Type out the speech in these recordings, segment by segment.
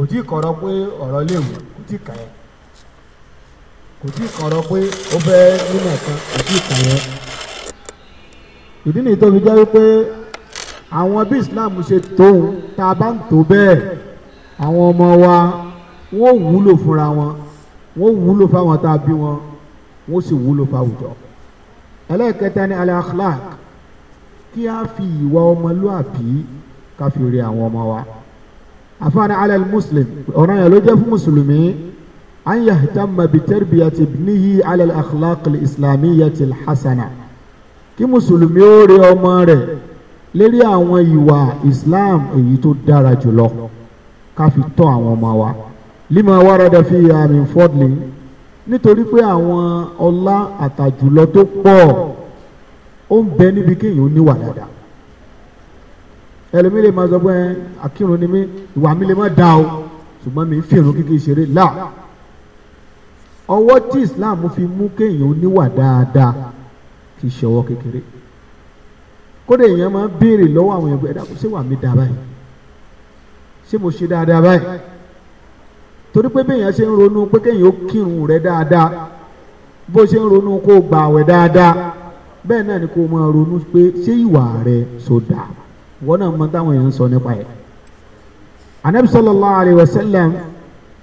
kò tí kọ̀rọ̀ pé ọ̀rọ̀ léwu kò tí kà yẹn kò tí kọ̀rọ̀ pé ó bẹ́ nínú ẹ̀kan kò tí kà yẹn. ìdí nìyí tó fi jẹ́ wípé àwọn bí Islam ṣe tóun tá a bá ń tó bẹ́ẹ̀ àwọn ọmọ wa wọ́n wúlò fúnra wọn wọ́n wúlò fáwọn tá a bí wọn wọ́n sì wúlò fáwùjọ. ẹlẹ́ẹ̀kẹta ni al-akhlaq kí a fi ìwà ọmọlúàbí ká fi rí àwọn ọmọ wa afaani ala muslim ọ̀ràn yẹn ló jẹ́ fún mùsùlùmí an yahtamma bi tarbiyati ibnihi ala akhlaq islamiyati hasana kí mùsùlùmí ó rí ọmọ rẹ̀ lérí àwọn ìwà islam èyí tó dára jùlọ ká fi tọ́ àwọn ọmọ wa lima warada fi amin fọdli nítorí pé àwọn ọlá àtàjùlọ tó pọ̀ ó ń bẹ níbi kéèyàn níwà dáadáa ẹlòmí lè máa sọ pé akírun ni mí ìwà mi lè má da o ṣùgbọ́n mi ń fèrò kíkì ṣeré là ọwọ́ tí Islam fi mú kéèyàn oníwà dáadáa kì í ṣọwọ́ kékeré kódà èèyàn máa ń béèrè lọ́wọ́ àwọn ẹgbẹ́ ẹ̀dá kò ṣé wà mí da báyìí ṣé mo ṣe dáadáa báyìí torí pé béèyàn ṣe ń ronú pé kéèyàn ó kírun rẹ̀ dáadáa bó ṣe ń ronú kó gbààwẹ̀ dáadáa bẹ́ẹ̀ náà ni kó máa ronú pé ṣé ìwà rẹ̀ so dáa wọn náà mọ táwọn èèyàn sọ nípa yẹ. anabi sallallahu alayhi wa sallam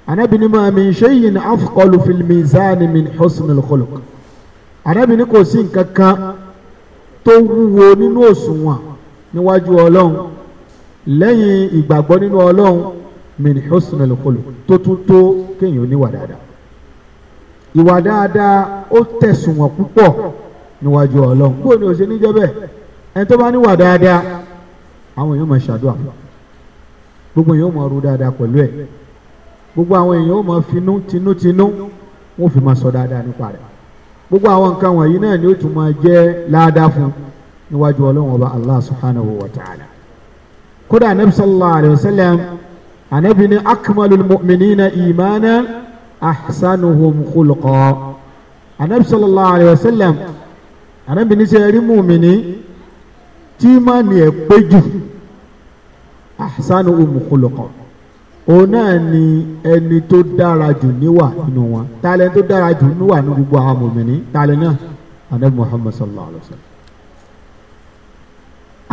anabi ni maa min shay'in afqalu fil mizan min husnil khuluq anabi ni kò sí nǹkan kan tó wúwo nínú òṣùwọ̀n níwájú ọlọ́run lẹ́yìn ìgbàgbọ́ nínú ọlọ́run min husnil khuluq tó tún tó kéèyàn níwà dáadáa ìwà dáadáa ó tẹ̀sùnwọ̀n púpọ̀ níwájú ọlọ́run bóyá o ṣe níjẹ́ bẹ́ẹ̀ ẹni tó bá níwà dáadáa àwọn èèyàn máa ṣàdúrà gbogbo èèyàn máa ro dáadáa pẹ̀lú ẹ̀ gbogbo àwọn èèyàn máa finú tinútinú wọn fi máa sọ dáadáa nípa rẹ̀ gbogbo àwọn nǹkan wọ̀nyí náà ni ó tún máa jẹ́ ládàá fún níwájú ọlọ́run ọba allah subhanahu wa ta'ala kódà anabi sallallahu alayhi wa sallam anabi ni akmalul mu'minina imana ahsanuhum khulqa anabi sallallahu alayhi wa sallam anabi ni sẹ́yìn rí mu'mini tí mọ́ni ẹ̀ pé jù ahsanu umukulọ̀kan òun náà ni ẹni tó dára jù níwà nínú wọn talẹ̀ tó dára jù níwà ní gbogbo àwọn mòmìnì talẹ̀ náà anabi muhammad sallallahu alayhi wa sallam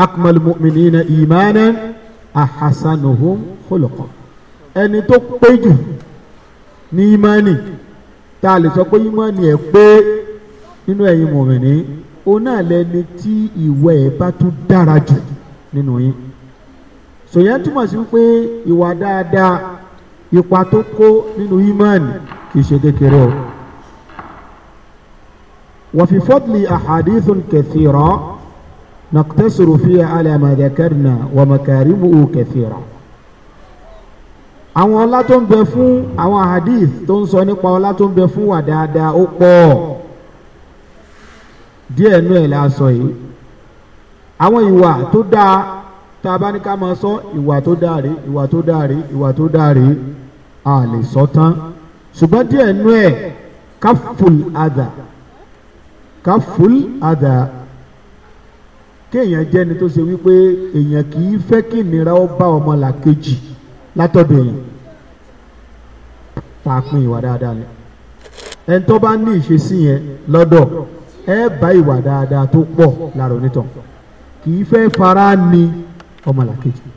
akmal mu'minina imanan ahasanuhum khuluqan ẹni tó pé jù ní imani tá sọ pé imani ẹ̀ pé nínú ẹ̀yin mòmìnì òun náà lẹni tí ìwà ẹ̀ bá tún dára jù nínú yín sòyẹn túmọ̀ sí pé ìwà dáadáa ipa tó kó nínú ìmánì kì í ṣe kékeré o. وفي فضل أحاديث كثيرة نقتصر فيها على ما ذكرنا ومكارمه كثيرة àwọn ọlá tó ń bẹ fún àwọn hadith tó ń sọ nípa ọlá tó ń bẹ fún wà dáadáa ó pọ̀ díẹ̀ nú ẹ̀ la sọ yìí àwọn ìwà tó dáa tá a bá ní ká máa sọ ìwà tó dáa rèé ìwà tó dáa rèé ìwà tó dáa rèé a lè sọ tán ṣùgbọ́n díẹ̀ nú ẹ̀ káfùl àdà káfùl àdà kéèyàn jẹ́ni tó ṣe wípé èèyàn kì í fẹ́ kí ìnira ó bá ọmọ làkejì látọ̀dọ̀ èèyàn pàápín ìwà dáadáa ni ẹni bá ní ìṣesí yẹn lọ́dọ̀. ẹ bá ìwà dáadáa tó pọ̀ lára onítàn kì í fẹ́ fara ni ọmọlàkejì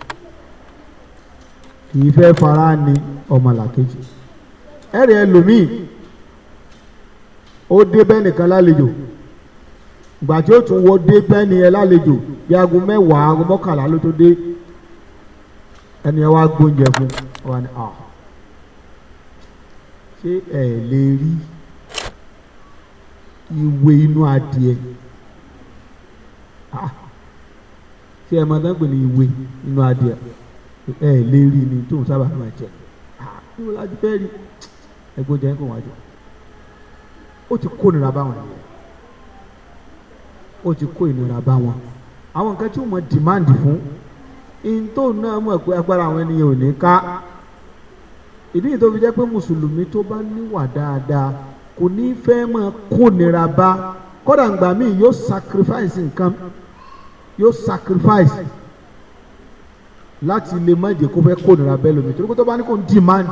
kì í fẹ́ fara ni ọmọlàkejì ẹ̀rẹ̀ ẹlòmíì ó dé lálejò tí ó tún wọ dé bẹ́ni ẹ lálejò bí aago mẹ́wàá aago mọ́kànlá ló tó dé ẹni ẹ wá gbóúnjẹ fún ọ wá ní ṣé ẹ lè rí. ìwé inú adìẹ ah. ṣé ẹ máa dágbé ní ìwé inú adìẹ ẹ lè rí ni tó ń sábà máa jẹ ìwé ah, láti fẹ́ rí ẹgbẹ́ jẹ́ kó wájú ó ti kó ìnira bá wọn ó ti kó ìnira bá wọn àwọn nǹkan tí wọ́n dìmáàndì fún ìntò náà mọ̀ pé agbára àwọn ènìyàn ò ní ká ìdí ìtòbi jẹ́ pé mùsùlùmí tó bá níwà dáadáa kò ní fẹ́ máa kó nira bá kódà ngbà míì yóò sacrifice nǹkan yóò sacrifice láti lè má jẹ́ kó fẹ́ kó nira bẹ́ẹ̀ lómi torí pé tó bá ní kó ń demand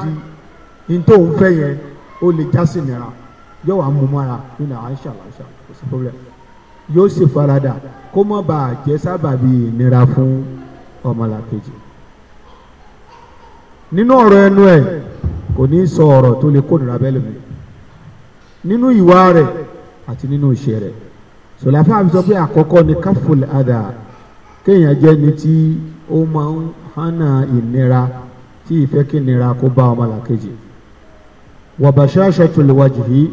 ní tó ń fẹ́ yẹn ó lè já nira yóò wá mú mọ́ra nínú àwọn àṣàlà kò sí problem yóò sì farada kó má bàa jẹ́ sábàbí ìnira fún ọmọlàkejì nínú ọ̀rọ̀ ẹnu ẹ̀ kò ní sọ ọ̀rọ̀ tó lè kó nira bẹ́ẹ̀ lómi nínú ìwà rẹ̀ àti nínú iṣẹ́ rẹ̀ sọláfà fi sọ pé àkọ́kọ́ ni káfùl àdà kéèyàn jẹ́ ni tí ó máa ń hánà ìnira tí ìfẹ́ kí ìnira kó bá ọmọlàkejì wàbàṣà ṣọtùlùwàjì yìí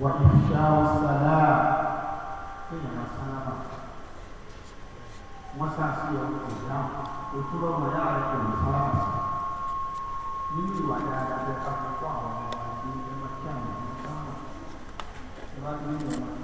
وإفشاء السلام kéèyàn máa sálámà wọ́n ṣàṣì ọkọ̀ ìdáhùn ètò ọmọ ìyá rẹ̀ kò ní sálámà nínú ìwà dáadáa bẹ́ẹ̀ ká fún àwọn ọmọ ẹgbẹ́ ẹgbẹ́ kí àwọn ọmọ sálámà ẹ bá dúró ní ọmọ